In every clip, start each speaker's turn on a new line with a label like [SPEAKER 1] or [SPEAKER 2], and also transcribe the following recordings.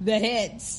[SPEAKER 1] the hits.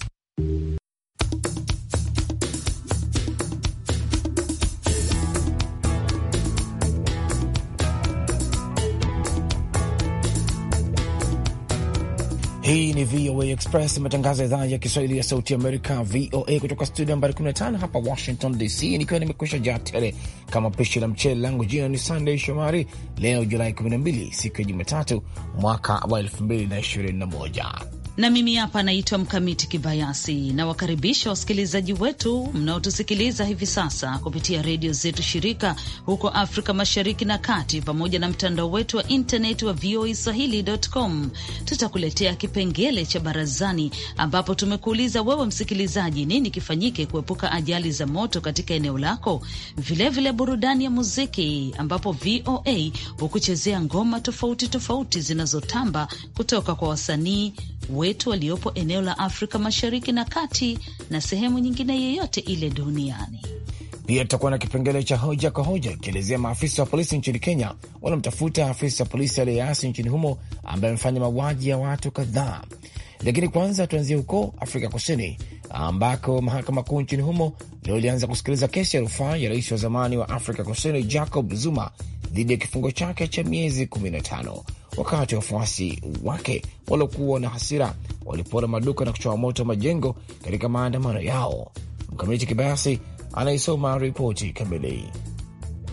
[SPEAKER 2] Hii ni VOA Express, matangazo ya idhaa ya Kiswahili ya sauti Amerika, VOA kutoka studio nambari 15 hapa Washington DC, nikiwa nimekusha jaa tele kama pishi la mchele langu. Jina ni Sandey Shomari. Leo Julai 12, siku ya Jumatatu, mwaka wa 2021
[SPEAKER 3] na mimi hapa naitwa Mkamiti Kibayasi, na wakaribisha wasikilizaji wetu mnaotusikiliza hivi sasa kupitia redio zetu shirika huko Afrika Mashariki na Kati, pamoja na mtandao wetu wa intaneti wa VOA Swahili.com. Tutakuletea kipengele cha barazani, ambapo tumekuuliza wewe msikilizaji, nini kifanyike kuepuka ajali za moto katika eneo lako. Vilevile vile burudani ya muziki, ambapo VOA hukuchezea ngoma tofauti tofauti zinazotamba kutoka kwa wasanii wetu waliopo eneo la Afrika Mashariki na Kati na sehemu nyingine yeyote ile duniani.
[SPEAKER 2] Pia tutakuwa na kipengele cha hoja kwa hoja ikielezea maafisa wa polisi nchini Kenya wanamtafuta afisa wa polisi aliyeasi nchini humo ambaye amefanya mauaji ya watu kadhaa. Lakini kwanza tuanzie huko Afrika Kusini, ambako mahakama kuu nchini humo leo ilianza kusikiliza kesi ya rufaa ya rais wa zamani wa Afrika Kusini Jacob Zuma dhidi ya kifungo chake cha miezi 15 wakati wafuasi wake waliokuwa na hasira walipora maduka na kuchoma moto majengo katika maandamano yao. Mkamiti Kibayasi anaisoma ripoti kamili.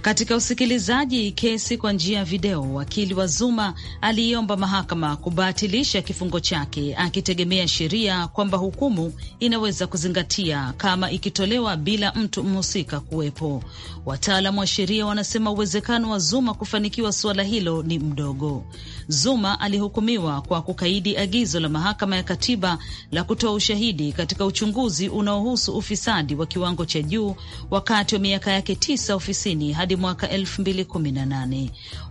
[SPEAKER 3] Katika usikilizaji kesi kwa njia ya video, wakili wa Zuma aliiomba mahakama kubatilisha kifungo chake akitegemea sheria kwamba hukumu inaweza kuzingatia kama ikitolewa bila mtu mhusika kuwepo. Wataalamu wa sheria wanasema uwezekano wa Zuma kufanikiwa suala hilo ni mdogo. Zuma alihukumiwa kwa kukaidi agizo la mahakama ya katiba la kutoa ushahidi katika uchunguzi unaohusu ufisadi wa kiwango cha juu wakati wa miaka yake tisa ofisini hadi hadi mwaka elfu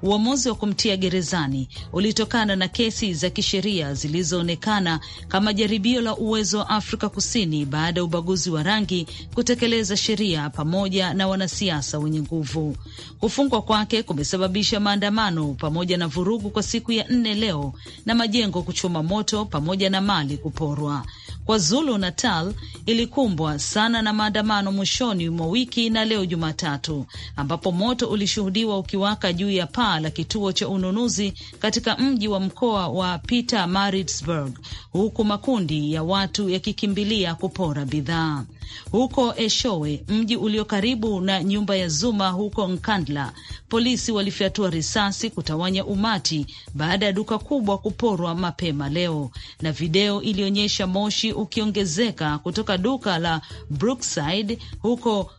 [SPEAKER 3] Uamuzi wa kumtia gerezani ulitokana na kesi za kisheria zilizoonekana kama jaribio la uwezo wa Afrika Kusini baada ya ubaguzi wa rangi kutekeleza sheria pamoja na wanasiasa wenye nguvu. Kufungwa kwake kumesababisha maandamano pamoja na vurugu kwa siku ya nne leo na majengo kuchoma moto pamoja na mali kuporwa. KwaZulu Natal ilikumbwa sana na maandamano mwishoni mwa wiki na leo Jumatatu, ambapo moto ulishuhudiwa ukiwaka juu ya paa la kituo cha ununuzi katika mji wa mkoa wa Pietermaritzburg, huku makundi ya watu yakikimbilia kupora bidhaa. Huko Eshowe, mji ulio karibu na nyumba ya Zuma huko Nkandla, polisi walifyatua risasi kutawanya umati baada ya duka kubwa kuporwa mapema leo, na video ilionyesha moshi ukiongezeka kutoka duka la Brookside huko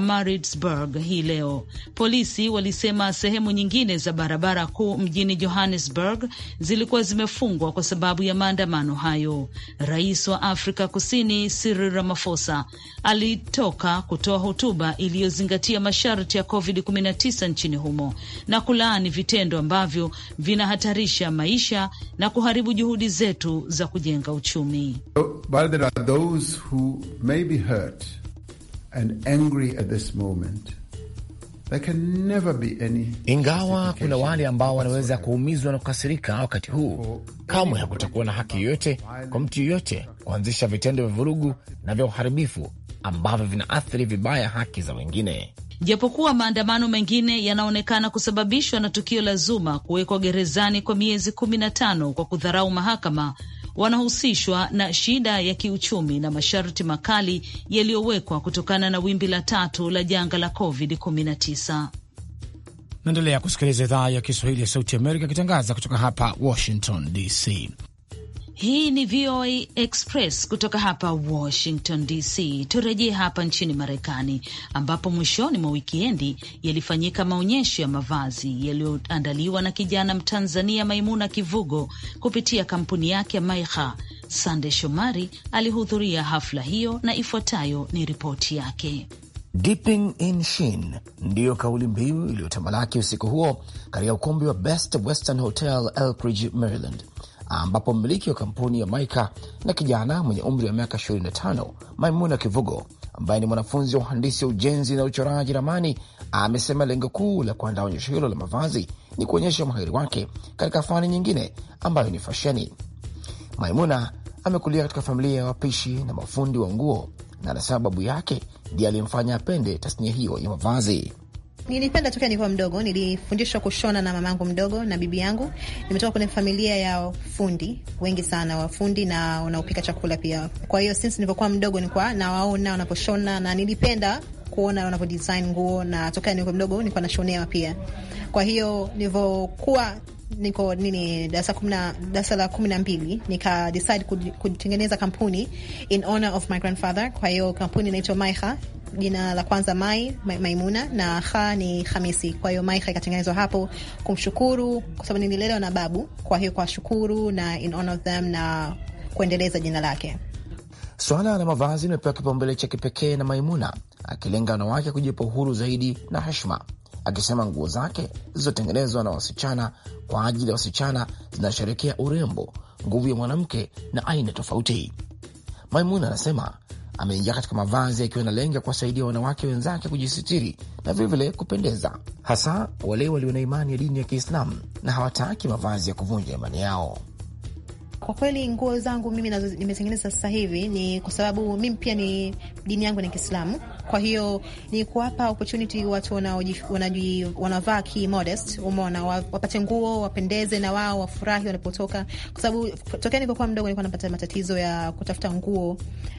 [SPEAKER 3] maritsburg hii leo. Polisi walisema sehemu nyingine za barabara kuu mjini Johannesburg zilikuwa zimefungwa kwa sababu ya maandamano hayo. Rais wa Afrika Kusini Cyril Ramaphosa alitoka kutoa hotuba iliyozingatia masharti ya COVID-19 nchini humo na kulaani vitendo ambavyo vinahatarisha maisha na kuharibu juhudi zetu za kujenga uchumi.
[SPEAKER 4] So, and
[SPEAKER 2] angry at this moment. There can never be any, ingawa kuna wale ambao wanaweza kuumizwa na kukasirika wakati huu, kamwe hakutakuwa na haki yoyote kwa mtu yoyote kuanzisha vitendo vya vurugu na vya uharibifu ambavyo vinaathiri vibaya haki za wengine.
[SPEAKER 3] Japokuwa maandamano mengine yanaonekana kusababishwa na tukio la Zuma kuwekwa gerezani kwa miezi kumi na tano kwa kudharau mahakama wanahusishwa na shida ya kiuchumi na masharti makali yaliyowekwa kutokana na wimbi la tatu la janga la COVID-19.
[SPEAKER 2] Naendelea kusikiliza idhaa ya Kiswahili ya Sauti Amerika ikitangaza kutoka hapa Washington DC.
[SPEAKER 3] Hii ni VOA Express kutoka hapa Washington DC. Turejee hapa nchini Marekani, ambapo mwishoni mwa wikiendi yalifanyika maonyesho ya mavazi yaliyoandaliwa na kijana Mtanzania Maimuna Kivugo kupitia kampuni yake Maiha. Sande Shomari alihudhuria hafla hiyo na ifuatayo ni ripoti yake.
[SPEAKER 2] Dipping in Sheen ndiyo kauli mbiu iliyotamalaki usiku huo katika ukumbi wa Best Western Hotel Maryland ambapo mmiliki wa kampuni ya Maika na kijana mwenye umri wa miaka 25 Maimuna Kivugo ambaye ni mwanafunzi wa uhandisi wa ujenzi na uchoraji ramani amesema lengo kuu la kuandaa onyesho hilo la mavazi ni kuonyesha umahiri wake katika fani nyingine ambayo ni fasheni. Maimuna amekulia katika familia ya wapishi na mafundi wa nguo na anasema babu yake ndiye aliyemfanya apende tasnia hiyo ya mavazi.
[SPEAKER 5] Nilipenda tokea nikiwa mdogo, nilifundishwa kushona na mamangu mdogo na bibi yangu. Nimetoka kwenye familia ya fundi wengi sana, wafundi na wanaopika chakula pia. Kwa hiyo since nilivyokuwa mdogo nilikuwa nawaona wanaposhona na nilipenda kuona wanavyodesign nguo na tokea nilikuwa mdogo nilikuwa nashonewa pia. Kwa hiyo nilivyokuwa niko nini darasa darasa la kumi na mbili nika decide kutengeneza kampuni in honor of my grandfather. Kwa hiyo kampuni inaitwa Maiha, jina la kwanza Mai Maimuna na ha ni Hamisi. Kwa hiyo Maiha ikatengenezwa hapo kumshukuru, kwa sababu nililelewa na babu, kwa hiyo kwa shukuru na in honor of them na kuendeleza jina lake.
[SPEAKER 2] Swala la mavazi limepewa kipaumbele cha kipekee na Maimuna, akilenga wanawake kujipa uhuru zaidi na heshima akisema nguo zake zilizotengenezwa na wasichana kwa ajili ya wasichana zinasherekea urembo, nguvu ya mwanamke na aina tofauti. Maimuna anasema ameingia katika mavazi akiwa na lenga kuwasaidia wanawake wenzake kujisitiri na vilevile kupendeza, hasa wale walio na imani ya dini ya Kiislamu na hawataki mavazi ya kuvunja imani yao.
[SPEAKER 5] Kwa kweli nguo zangu mimi nazo nimetengeneza sasa hivi ni kwa sababu mimi pia ni dini yangu ni Kiislamu, kwa hiyo ni kuwapa opportunity watu wanavaa ki modest, umeona, wapate nguo wapendeze, na wao wafurahi wanapotoka, kwa sababu tokea nilipokuwa mdogo nilikuwa napata matatizo ya kutafuta nguo.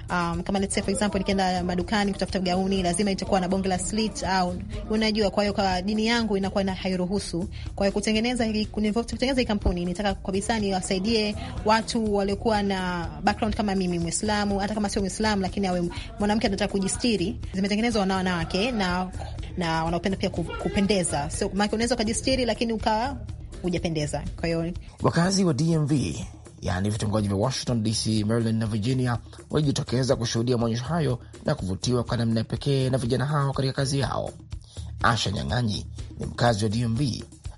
[SPEAKER 5] Um, kama let's say for example nikienda madukani kutafuta gauni lazima itakuwa na bonge la slit au unajua. Kwa hiyo kwa dini yangu inakuwa na hairuhusu. Kwa hiyo kutengeneza hii, kutengeneza hii kampuni nitaka kabisa niwasaidie wa watu waliokuwa na background kama mimi, Mwislamu, hata kama sio Mwislamu, lakini awe mwanamke anataka kujistiri, zimetengenezwa na wanawake na na wanaopenda pia kupendeza, so maana unaweza ukajistiri lakini ukawa hujapendeza. Kwa hiyo
[SPEAKER 2] wakazi wa DMV yaani vitongoji vya Washington DC, Maryland na Virginia walijitokeza kushuhudia maonyesho hayo na kuvutiwa kwa namna pekee na vijana hao katika kazi yao. Asha Nyang'anyi ni mkazi wa DMV,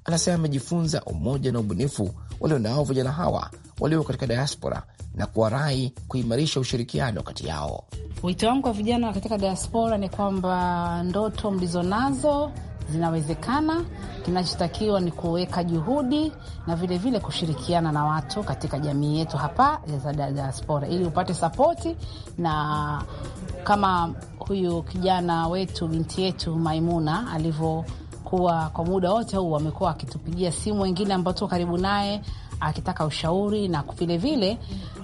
[SPEAKER 2] anasema amejifunza umoja na ubunifu walionao vijana hawa walio katika diaspora na kuwarai kuimarisha ushirikiano kati yao.
[SPEAKER 1] Wito wangu kwa vijana katika diaspora ni kwamba
[SPEAKER 3] ndoto mlizonazo zinawezekana. Kinachotakiwa ni kuweka juhudi na vilevile vile kushirikiana na watu katika jamii yetu hapa za diaspora, ili upate sapoti. Na kama huyu kijana wetu, binti yetu Maimuna alivyokuwa kwa muda wote huu, wamekuwa akitupigia simu, wengine ambao tuko karibu naye akitaka ushauri na vilevile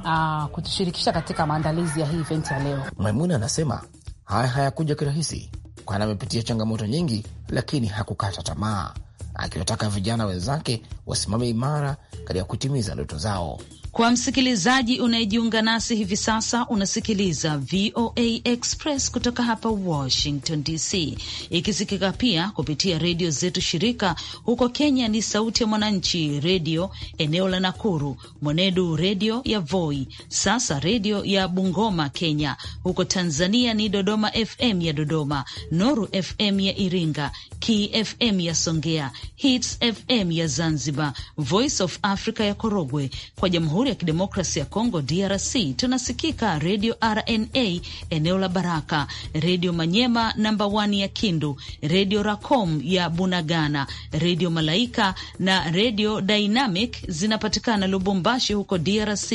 [SPEAKER 3] ah, kutushirikisha katika maandalizi ya hii eventi ya leo.
[SPEAKER 2] Maimuna anasema haya hayakuja kirahisi, kwani amepitia changamoto nyingi, lakini hakukata tamaa, akiwataka vijana wenzake wasimame imara katika kutimiza ndoto zao.
[SPEAKER 3] Kwa msikilizaji unayejiunga nasi hivi sasa, unasikiliza VOA Express kutoka hapa Washington DC, ikisikika pia kupitia redio zetu shirika. Huko Kenya ni Sauti ya Mwananchi redio eneo la Nakuru, Mwenedu redio ya Voi, Sasa redio ya Bungoma Kenya. Huko Tanzania ni Dodoma FM ya Dodoma, Noru FM ya Iringa, KFM ya Songea, Hits FM ya Zanzibar, Voice of Africa ya Korogwe. Kwa jamhuri Jamhuri ya Kidemokrasi ya Kongo, DRC, tunasikika redio RNA eneo la Baraka, redio Manyema namba 1 ya Kindu, redio Racom ya Bunagana, redio Malaika na redio Dynamic zinapatikana Lubumbashi huko DRC,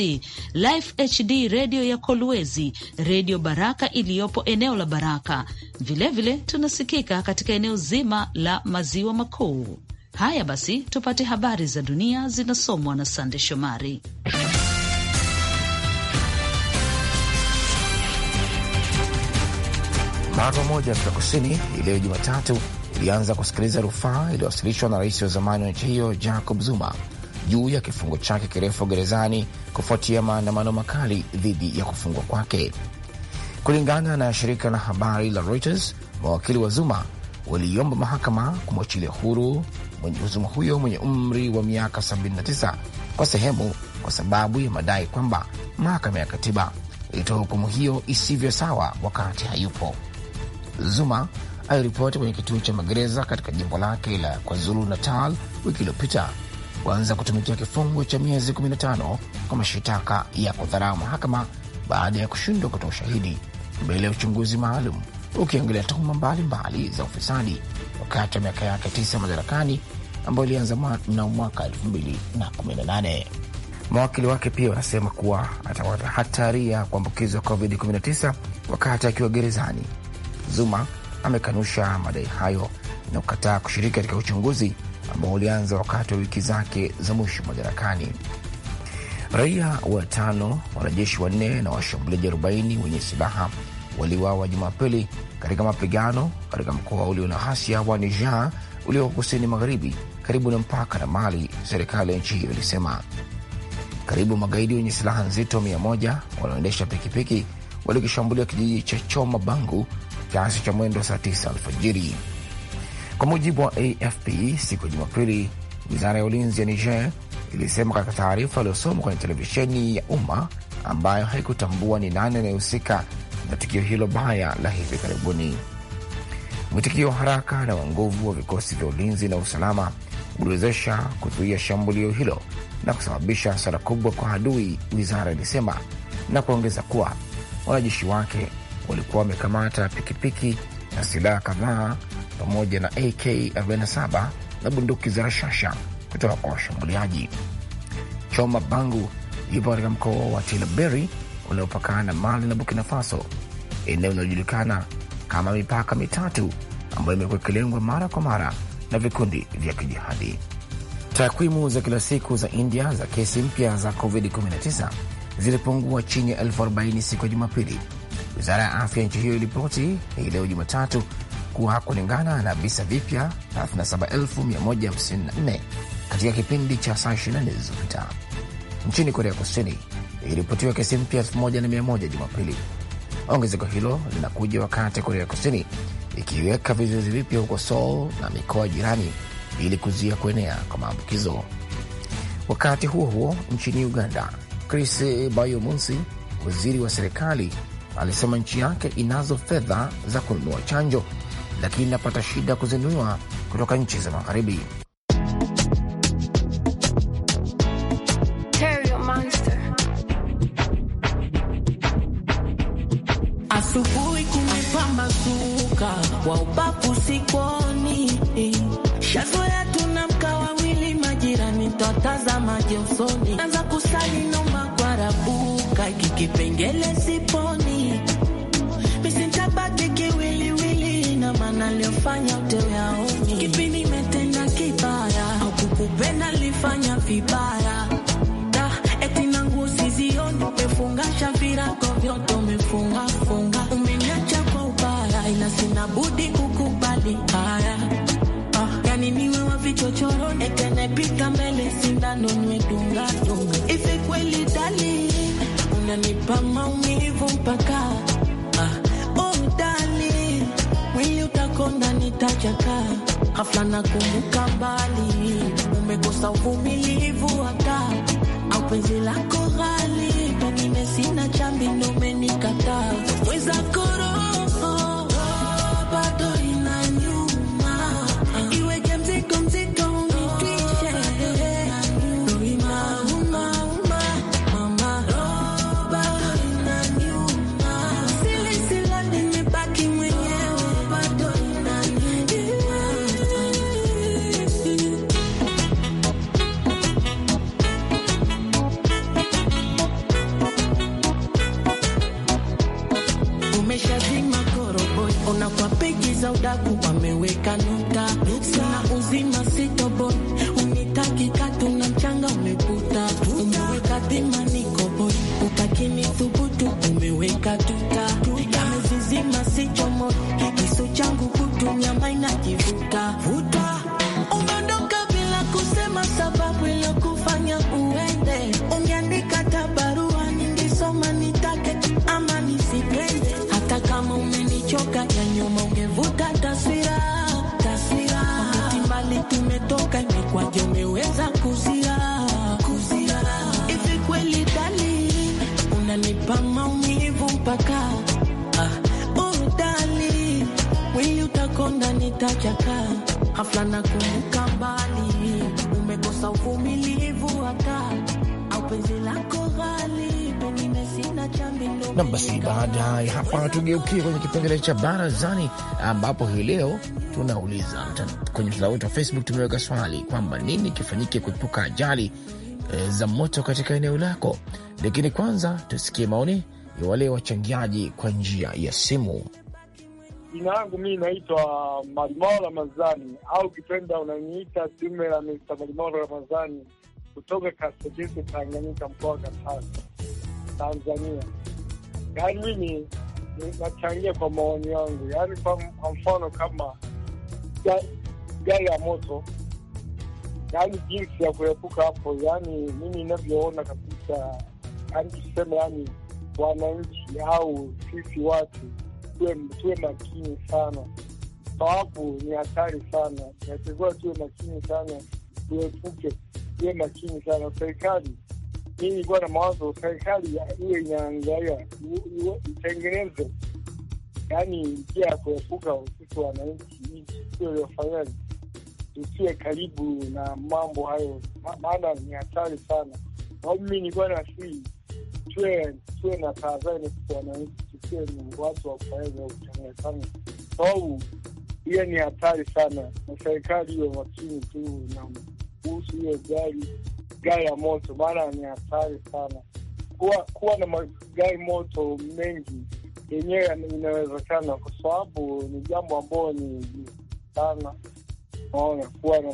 [SPEAKER 3] Life HD redio ya Kolwezi, redio Baraka iliyopo eneo la Baraka. Vilevile vile, tunasikika katika eneo zima la maziwa makuu. Haya basi, tupate habari za dunia zinasomwa na Sande Shomari.
[SPEAKER 2] Mahakama moja Afrika Kusini iliyo Jumatatu ilianza kusikiliza rufaa iliyowasilishwa na rais wa zamani wa nchi hiyo Jacob Zuma juu ya kifungo chake kirefu gerezani kufuatia maandamano makali dhidi ya kufungwa kwake. Kulingana na shirika la habari la Reuters, mawakili wa Zuma waliiomba mahakama kumwachilia huru huzuma huyo mwenye umri wa miaka 79 kwa sehemu, kwa sababu ya madai kwamba mahakama ya katiba ilitoa hukumu hiyo isivyo sawa wakati hayupo. Zuma aliripoti kwenye kituo cha magereza katika jimbo lake la KwaZulu Natal wiki iliyopita kuanza kutumikia kifungo cha miezi 15 kwa mashitaka ya kudharau mahakama baada ya kushindwa kutoa ushahidi mbele ya uchunguzi maalum ukiangalia tuhuma mbalimbali za ufisadi wakati wa miaka yake tisa madarakani ambayo ilianza mnamo mwaka nane. Mawakili wake pia wanasema kuwa atapata hatari ya kuambukizwa COVID-19 wakati akiwa gerezani. Zuma amekanusha madai hayo na kukataa kushiriki katika uchunguzi ambao ulianza wakati wa wiki zake za mwisho madarakani. Raia watano, wanajeshi wanne na washambuliaji 40 wenye silaha waliuawa Jumapili katika mapigano katika mkoa ulio na ghasia wa Niger ulioko kusini magharibi karibu na mpaka na Mali. Serikali ya nchi hiyo ilisema karibu magaidi wenye silaha nzito mia moja wanaoendesha pikipiki walikishambulia kijiji cha Choma Bangu kiasi cha mwendo saa tisa alfajiri kwa mujibu wa AFP. Siku ya Jumapili, wizara ya ulinzi ya Niger ilisema katika taarifa iliyosoma kwenye televisheni ya umma ambayo haikutambua ni nani anayehusika na tukio hilo baya la hivi karibuni. Mwitikio wa haraka na wa nguvu wa vikosi vya ulinzi na usalama uliwezesha kuzuia shambulio hilo na kusababisha hasara kubwa kwa adui, wizara ilisema, na kuongeza kuwa wanajeshi wake walikuwa wamekamata pikipiki na silaha kadhaa pamoja na AK47 na bunduki za rashasha kutoka kwa washambuliaji. Choma Bangu yupo katika mkoa wa Tilaberi unaopakana na Mali na Burkina Faso, eneo linalojulikana kama mipaka mitatu ambayo imekuwa ikilengwa mara kwa mara na vikundi vya kijihadi. Takwimu za kila siku za India za kesi mpya za COVID-19 zilipungua chini ya elfu arobaini siku ya Jumapili, wizara ya afya nchi hiyo iliripoti hii leo Jumatatu kuwa kulingana na visa vipya 37154 katika kipindi cha saa 24 zilizopita. Nchini Korea Kusini, ikiripotiwa kesi mpya 1100 Jumapili. Ongezeko hilo linakuja wakati Korea Kusini ikiweka vizuizi vipya huko Seoul na mikoa jirani ili kuzuia kuenea kwa maambukizo. Wakati huo huo, nchini Uganda, Chris Bayomunsi, waziri wa serikali, alisema nchi yake inazo fedha za kununua chanjo, lakini inapata shida kuzinunua kutoka nchi za magharibi.
[SPEAKER 6] wa upapu sikuoni, shazo ya tunamka wawili, majirani twatazamaje usoni, anza kusali noma kwarabuka, kikipengele siponi, misintabaki kiwiliwili na maana aliyofanya budi kukubali haya. Ah, yani niwe wa vichochoro ekenepita mbele sindano niwe dunga dunga. Ife kweli dali unanipa maumivu mpaka ah, oh dali mwili nitachaka. Ghafla nakumbuka mbali umekosa uvumilivu hata au penzi lako ghali tanime sina chambi oh. dakupa utachakaa hafla na kumbuka mbali, umekosa uvumilivu hata au penzi lako ghali
[SPEAKER 2] basi baada ya hapa tugeukie kwenye kipengele cha barazani, ambapo hii leo tunauliza kwenye mtandao wetu wa Facebook, tumeweka swali kwamba nini kifanyike kuepuka ajali e, za moto katika eneo lako. Lakini kwanza tusikie maoni ya wale wachangiaji kwa njia ya simu.
[SPEAKER 7] Jina langu mimi naitwa Malimao Ramadhani au kipenda unaniita tume la Mr. Malimao Ramazani kutoka Kasogese, Tanganyika, mkoa wa Katavi, Tanzania. Yaani mimi nachangia kwa maoni yangu, yaani kwa mfano kama gari ya moto, yaani jinsi ya kuepuka hapo, yaani mimi inavyoona kabisa, yaani tuseme, yaani wananchi au sisi watu tuwe makini sana, sababu ni hatari sana. Natakiwa tuwe makini sana, tuepuke, tuwe makini sana. Serikali hii ilikuwa na mawazo, serikali iwe inaangalia, itengeneze yaani njia ya kuepuka sisi wananchi sio tuliyofanyaji tusiwe karibu na mambo hayo, maana ni hatari sana. Sababu mi nilikuwa na sii tuwe na tahadhari kwa wananchi, tusiwe ni watu wa kuweza kutumia sana, sababu hiyo ni hatari sana, na serikali iwe makini tu na kuhusu hiyo gari gari ya moto, maana ni hatari sana. Kuwa, kuwa na magari moto mengi yenyewe inawezekana, kwa sababu ni jambo ambayo ni sana naona kuwa na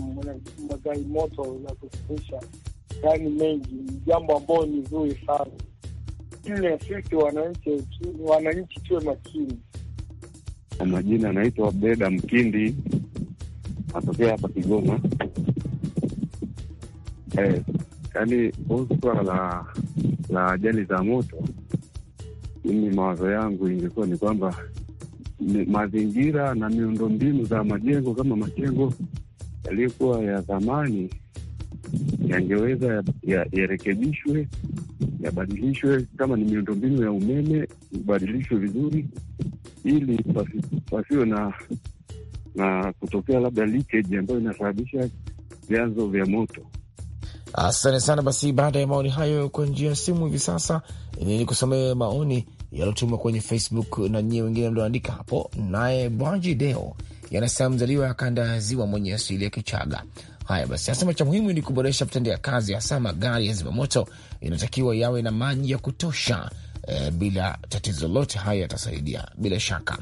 [SPEAKER 7] magari moto ya kusafirisha gari mengi ni jambo ambayo ni zuri sana ile Afrika wananchi wananchi tuwe makini. Kwa majina anaitwa Beda Mkindi, natokea hapa Kigoma. Eh, yaani kuhusu swala la la ajali za moto, mimi mawazo yangu ingekuwa ni kwamba mazingira na miundombinu za majengo kama majengo yaliyokuwa ya zamani yangeweza yarekebishwe ya yabadilishwe, kama ni miundombinu ya umeme ibadilishwe vizuri, ili pasiwe na na kutokea labda leakage ambayo inasababisha vyanzo vya moto.
[SPEAKER 2] Asante sana. Basi baada ya maoni hayo kwa njia ya simu, hivi sasa ni kusomea maoni yalotumwa kwenye Facebook na nyie wengine mlioandika hapo. Naye Bwanji Deo yanasema mzaliwa ya kanda ya Ziwa mwenye asili ya Kichaga Haya basi, anasema cha muhimu ni kuboresha mtendea kazi, hasa magari ya zimamoto inatakiwa yawe na maji ya kutosha eh, bila tatizo lolote. Haya yatasaidia bila shaka.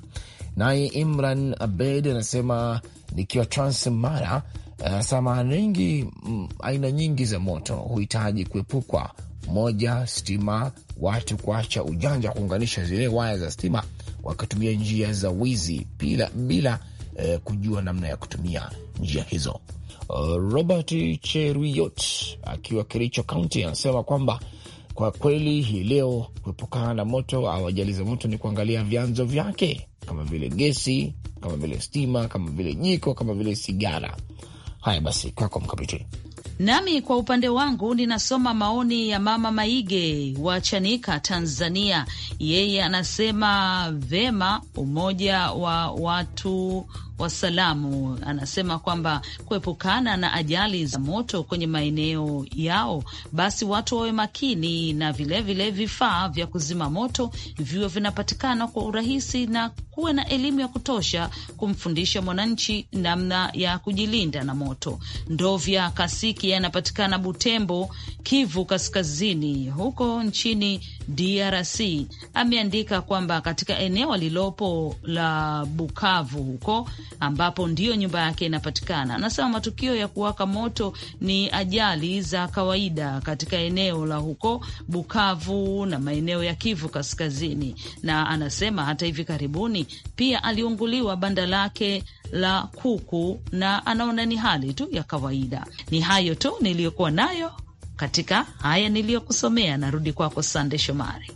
[SPEAKER 2] Naye Imran Abed anasema nikiwa Transmara, e, anasema nyingi, mm, aina nyingi za moto huhitaji kuepukwa. Moja, stima, watu kuacha ujanja wa kuunganisha zile waya za stima wakatumia njia za wizi bila bila eh, kujua namna ya kutumia njia hizo. Eh, Robert Cheruyot akiwa Kericho kaunti anasema kwamba kwa kweli hii leo kuepukana na moto au ajali za moto ni kuangalia vyanzo vyake, kama vile gesi, kama vile stima, kama vile jiko, kama vile sigara. Haya basi, kwako Mkamiti.
[SPEAKER 3] Nami kwa upande wangu ninasoma maoni ya mama Maige wa Chanika, Tanzania. Yeye anasema vema, umoja wa watu wasalamu anasema kwamba kuepukana na ajali za moto kwenye maeneo yao, basi watu wawe makini na vilevile vifaa vya kuzima moto viwe vinapatikana kwa urahisi na kuwe na elimu ya kutosha kumfundisha mwananchi namna ya kujilinda na moto. Ndovya Kasiki yanapatikana Butembo, Kivu Kaskazini, huko nchini DRC. Ameandika kwamba katika eneo lilopo la Bukavu huko ambapo ndiyo nyumba yake inapatikana. Anasema matukio ya kuwaka moto ni ajali za kawaida katika eneo la huko Bukavu na maeneo ya Kivu Kaskazini, na anasema hata hivi karibuni pia aliunguliwa banda lake la kuku na anaona ni hali tu ya kawaida. Ni hayo tu niliyokuwa nayo katika haya niliyokusomea. Narudi kwako Sande Shomari.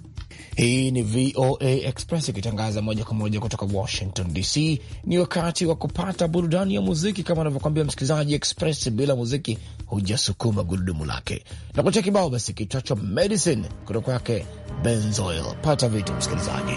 [SPEAKER 2] Hii ni VOA Express ikitangaza moja kwa moja kutoka Washington DC. Ni wakati wa kupata burudani ya muziki. Kama anavyokwambia msikilizaji, Express bila muziki hujasukuma gurudumu lake, na kutia kibao basi kitwacho Medicine kutoka kwake Benzoil. Pata vitu msikilizaji.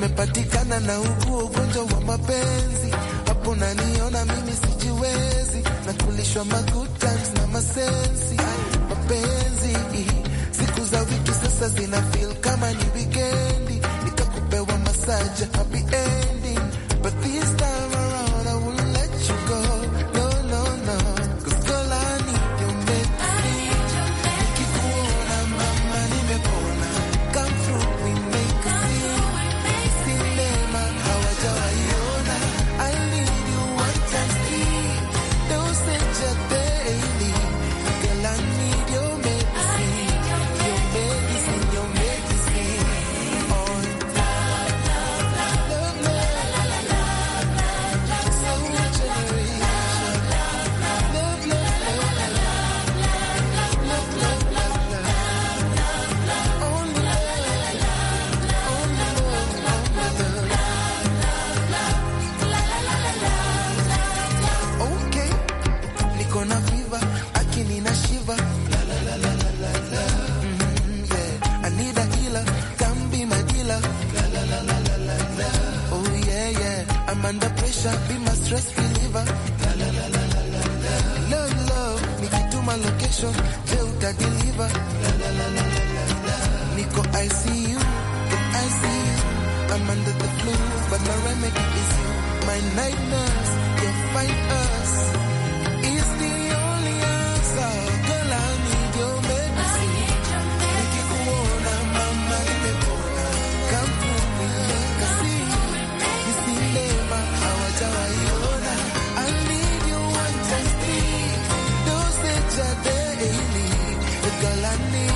[SPEAKER 4] nimepatikana na huku ugonjwa wa mapenzi, hapo naniona mimi sijiwezi, na kulishwa ma good times na masensi. Mapenzi siku za wiki sasa zina feel kama ni wikendi, nikakupewa masaja happy ending but this time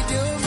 [SPEAKER 4] do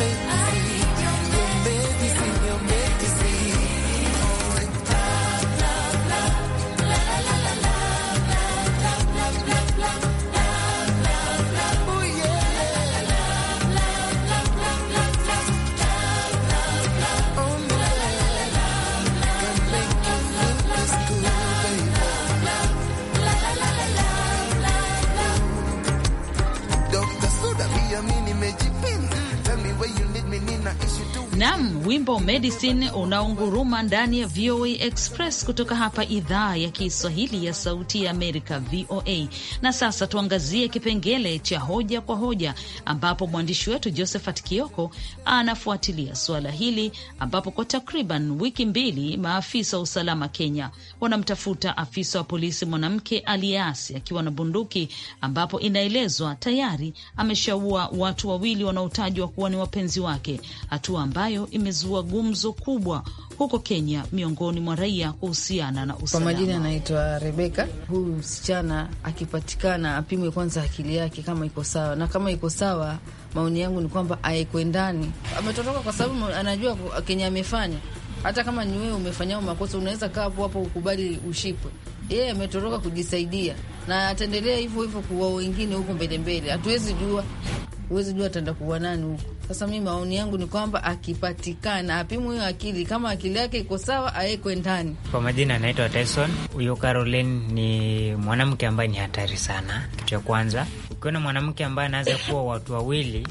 [SPEAKER 3] wimbo Medicine unaonguruma ndani ya VOA Express kutoka hapa idhaa ya Kiswahili ya Sauti ya Amerika, VOA. Na sasa tuangazie kipengele cha hoja kwa hoja, ambapo mwandishi wetu Josephat Kioko anafuatilia suala hili, ambapo kwa takriban wiki mbili maafisa wa usalama Kenya wanamtafuta afisa wa polisi mwanamke aliyeasi akiwa na bunduki, ambapo inaelezwa tayari ameshaua watu wawili wanaotajwa kuwa ni wapenzi wake, hatua ambayo imezua kuibua gumzo kubwa huko Kenya miongoni mwa raia kuhusiana
[SPEAKER 1] na usalama. Kwa majina anaitwa Rebeka. Huyu msichana akipatikana, apimwe kwanza akili yake kama iko sawa, na kama iko sawa, maoni yangu ni kwamba ndani. ametoroka kwa sababu anajua kenye amefanya. Hata kama ni wewe umefanyao makosa, unaweza kaa hapo hapo ukubali ushikwe. Yeye ametoroka kujisaidia na ataendelea hivyo hivyo kuwa wengine huko mbele mbele. Hatuwezi jua, huwezi jua ataenda kuwa nani huko sasa mi maoni yangu ni kwamba akipatikana apimwe hiyo akili, kama akili yake iko sawa awekwe ndani.
[SPEAKER 8] Kwa majina anaitwa Tyson. Huyo Caroline ni mwanamke ambaye ni hatari sana. Kitu cha kwanza, ukiona mwanamke ambaye anaweza kuwa watu wawili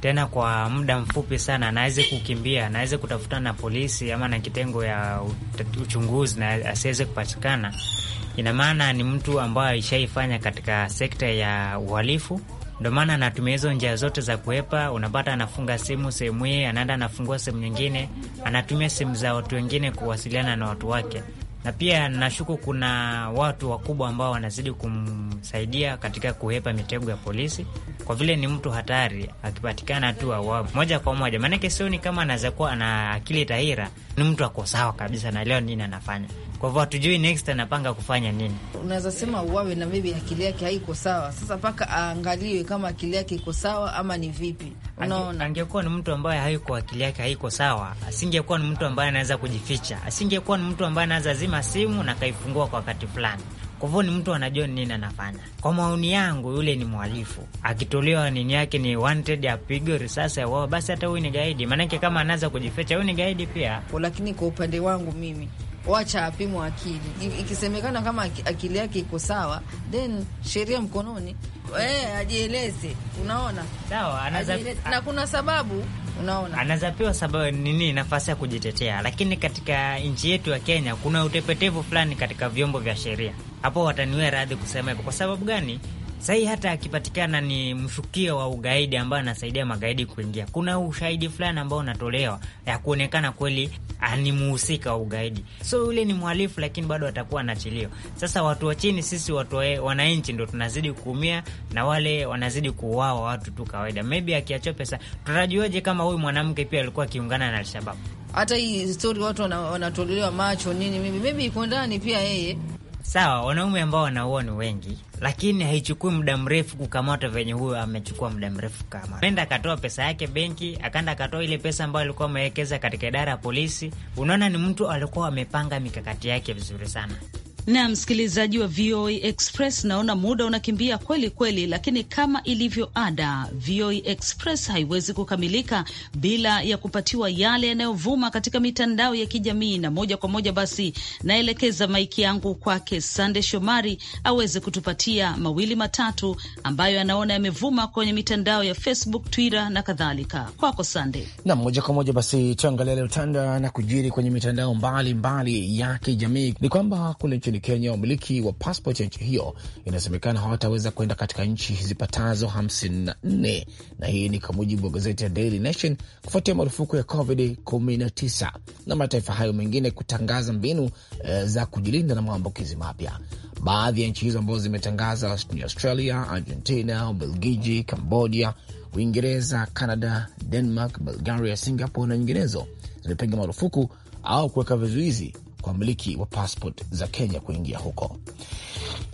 [SPEAKER 8] tena kwa muda mfupi sana, anaweze kukimbia, anaweze kutafutana na polisi ama na kitengo ya uchunguzi na asiweze kupatikana, ina maana ni mtu ambaye ishaifanya katika sekta ya uhalifu Ndo maana anatumia hizo njia zote za kuwepa Unapata anafunga simu sehemu hii, anaenda anafungua sehemu nyingine, anatumia simu za watu wengine kuwasiliana na watu wake. Na pia nashuku kuna watu wakubwa ambao wanazidi kumsaidia katika kuhepa mitego ya polisi, kwa vile ni mtu hatari, akipatikana tu auawe moja kwa moja. Maanake sioni kama anaweza kuwa ana akili tahira, ni mtu ako sawa kabisa, naelewa nini anafanya. Kwa hivyo hatujui next anapanga kufanya nini.
[SPEAKER 1] Unaweza sema uwawe na mimi, akili yake haiko sawa, sasa mpaka aangaliwe kama akili yake iko sawa ama ni vipi.
[SPEAKER 8] Unaona, angekuwa ni mtu ambaye haiko akili yake haiko sawa, asingekuwa ni mtu ambaye anaweza kujificha, asingekuwa ni mtu ambaye anaweza zima simu na kaifungua kwa wakati fulani. Kwa hivyo ni mtu anajua ni nini anafanya. Kwa maoni yangu, yule ni mhalifu. Akitolewa nini yake ni wanted, apigwe risasi ya wao, basi hata huyu ni gaidi, maanake kama anaweza kujificha, huyu ni gaidi pia.
[SPEAKER 1] Lakini kwa upande wangu mimi wacha apimwa akili. Ikisemekana kama akili yake iko sawa, then sheria mkononi, eh, ajieleze. Unaona sawa, anaza... na kuna sababu Unaona,
[SPEAKER 8] anaweza pewa sababu nini, nafasi ya kujitetea. Lakini katika nchi yetu ya Kenya kuna utepetevu fulani katika vyombo vya sheria. Hapo wataniwe radhi kusema hivyo. Kwa sababu gani? Sahii hata akipatikana ni mshukio wa ugaidi ambaye anasaidia magaidi kuingia, kuna ushahidi fulani ambao unatolewa ya kuonekana kweli ni muhusika wa ugaidi. So yule ni mhalifu, lakini bado atakuwa anaachiliwa. Sasa watu wa chini, sisi watu wa wananchi, ndo tunazidi kuumia na wale wanazidi kuuawa watu tu kawaida. Maybe akiachwa pesa, tutajuaje kama huyu mwanamke pia alikuwa akiungana na Alshababu?
[SPEAKER 1] Hata hii stori watu wanatolewa macho nini, mimi maybe iko ndani pia yeye
[SPEAKER 8] sawa, wanaume ambao wanaua ni wengi, lakini haichukui muda mrefu kukamata venye huyo amechukua muda mrefu kama enda akatoa pesa yake benki, akaenda akatoa ile pesa ambayo alikuwa amewekeza katika idara ya polisi. Unaona, ni mtu alikuwa amepanga mikakati yake vizuri sana
[SPEAKER 3] na msikilizaji wa VOA Express, naona muda unakimbia kweli kweli, lakini kama ilivyo ada, VOA Express haiwezi kukamilika bila ya kupatiwa yale yanayovuma katika mitandao ya kijamii. Na moja kwa moja basi naelekeza maiki yangu kwake Sande Shomari aweze kutupatia mawili matatu ambayo anaona yamevuma kwenye mitandao ya Facebook, Twitter na kadhalika. Kwako Sande.
[SPEAKER 2] Nam, moja kwa moja basi tuangalia leo tanda na kujiri kwenye mitandao mbalimbali mbali ya kijamii ni kwamba kule nchini Kenya, wamiliki wa passport ya nchi hiyo inasemekana hawataweza kwenda katika nchi zipatazo 54 na hii ni kwa mujibu wa gazeti ya Daily Nation kufuatia marufuku ya COVID-19 na mataifa hayo mengine kutangaza mbinu e, za kujilinda na maambukizi mapya. Baadhi ya nchi hizo ambazo zimetangaza ni Australia, Argentina, Ubelgiji, Cambodia, Uingereza, Canada, Denmark, Bulgaria, Singapore na nyinginezo zimepiga marufuku au kuweka vizuizi kwa mmiliki wa passport za Kenya kuingia huko.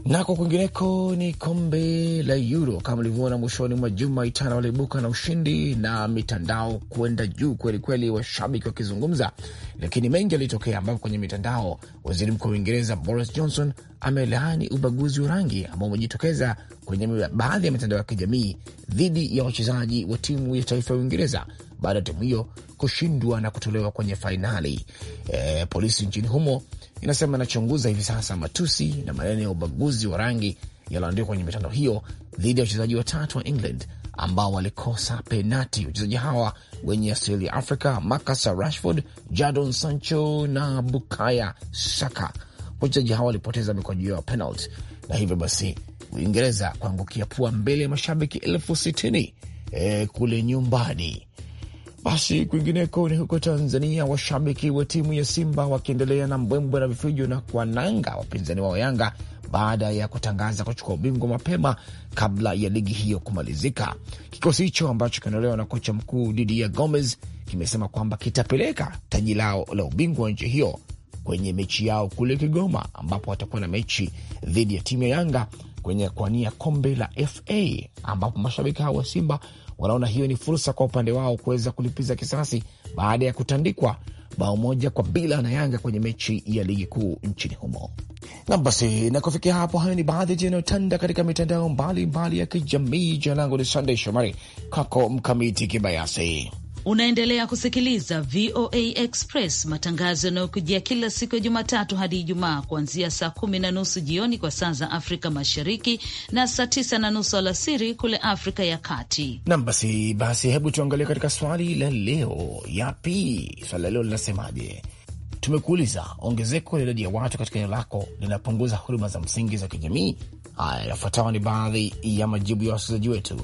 [SPEAKER 2] Nako kwingineko ni kombe la Euro kama ulivyoona mwishoni mwa juma, Itana waliibuka na ushindi na mitandao kwenda juu kwelikweli, washabiki wakizungumza, lakini mengi yalitokea, ambapo kwenye mitandao waziri mkuu wa Uingereza Boris Johnson amelaani ubaguzi wa rangi ambao umejitokeza kwenye baadhi ya mitandao ya kijamii dhidi ya wachezaji wa timu ya taifa ya Uingereza baada ya timu hiyo kushindwa na kutolewa kwenye fainali. E, polisi nchini humo inasema inachunguza hivi sasa matusi na maneno ya ubaguzi wa rangi yaliyoandikwa kwenye mitandao hiyo dhidi ya wachezaji watatu wa England ambao walikosa penati. Wachezaji hawa wenye asili ya Afrika, Marcus Rashford, Jadon Sancho na Bukaya Saka. Wachezaji hawa walipoteza mikwaju ya penalti na hivyo basi Uingereza kuangukia pua mbele ya mashabiki elfu sitini e, kule nyumbani. Basi kwingineko ni huko Tanzania, washabiki wa timu ya Simba wakiendelea na mbwembwe na vifijo na kuwananga wapinzani wao Yanga baada ya kutangaza kuchukua ubingwa mapema kabla ya ligi hiyo kumalizika. Kikosi hicho ambacho kinaolewa na kocha mkuu Didier Gomez kimesema kwamba kitapeleka taji lao la ubingwa wa nchi hiyo kwenye mechi yao kule Kigoma, ambapo watakuwa na mechi dhidi ya timu ya Yanga kwenye kuania kombe la FA, ambapo mashabiki hao wa Simba wanaona hiyo ni fursa kwa upande wao kuweza kulipiza kisasi baada ya kutandikwa bao moja kwa bila na Yanga kwenye mechi ya ligi kuu nchini humo. Nam basi, na kufikia hapo, hayo ni baadhi ya yanayotanda katika mitandao mbalimbali ya kijamii. Jina langu ni Sandey Shomari, kwako Mkamiti Kibayasi.
[SPEAKER 3] Unaendelea kusikiliza VOA Express, matangazo yanayokujia kila siku ya Jumatatu hadi Ijumaa kuanzia saa kumi na nusu jioni kwa saa za Afrika Mashariki na saa tisa na nusu alasiri kule Afrika ya Kati.
[SPEAKER 2] Nam basi basi, hebu tuangalie katika swali la leo. Yapi swali la leo linasemaje? Tumekuuliza, ongezeko la idadi ya watu katika eneo lako linapunguza huduma za msingi za kijamii? Haya, yafuatayo ni baadhi ya majibu ya wasikilizaji wetu.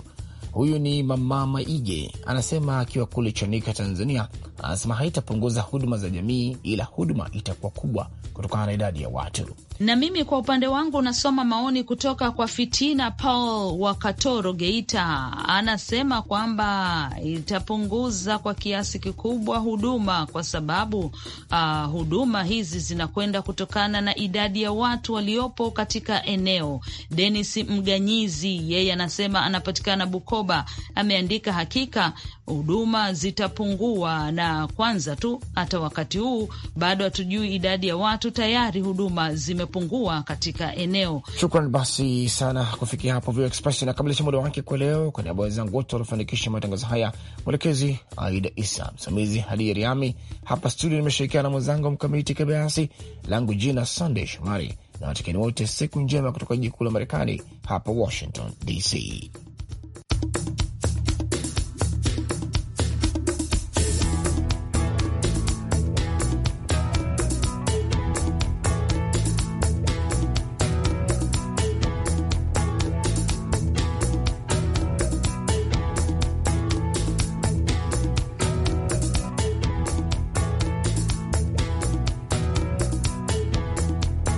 [SPEAKER 2] Huyu ni Mama Maige, anasema akiwa kule Chanika, Tanzania. Anasema haitapunguza huduma za jamii, ila huduma itakuwa kubwa kutokana na idadi ya watu.
[SPEAKER 3] Na mimi kwa upande wangu nasoma maoni kutoka kwa Fitina Paul wa Katoro, Geita. Anasema kwamba itapunguza kwa kiasi kikubwa huduma kwa sababu uh, huduma hizi zinakwenda kutokana na idadi ya watu waliopo katika eneo. Denis Mganyizi yeye anasema anapatikana Bukoba, ameandika hakika huduma zitapungua, na kwanza tu hata wakati huu bado hatujui idadi ya watu, tayari huduma zime umepungua katika eneo.
[SPEAKER 2] Shukran basi sana kufikia hapo, Vio Express inakamilisha muda wake kwa leo. Kwa niaba wenzangu wote waliofanikisha matangazo haya, mwelekezi Aida Isa, msimamizi Hadi Riami, hapa studio nimeshirikiana na mwenzangu Mkamiti Kibayasi, langu jina Sandey Shomari na watikeni wote, siku njema kutoka jiji kuu la Marekani, hapa Washington DC.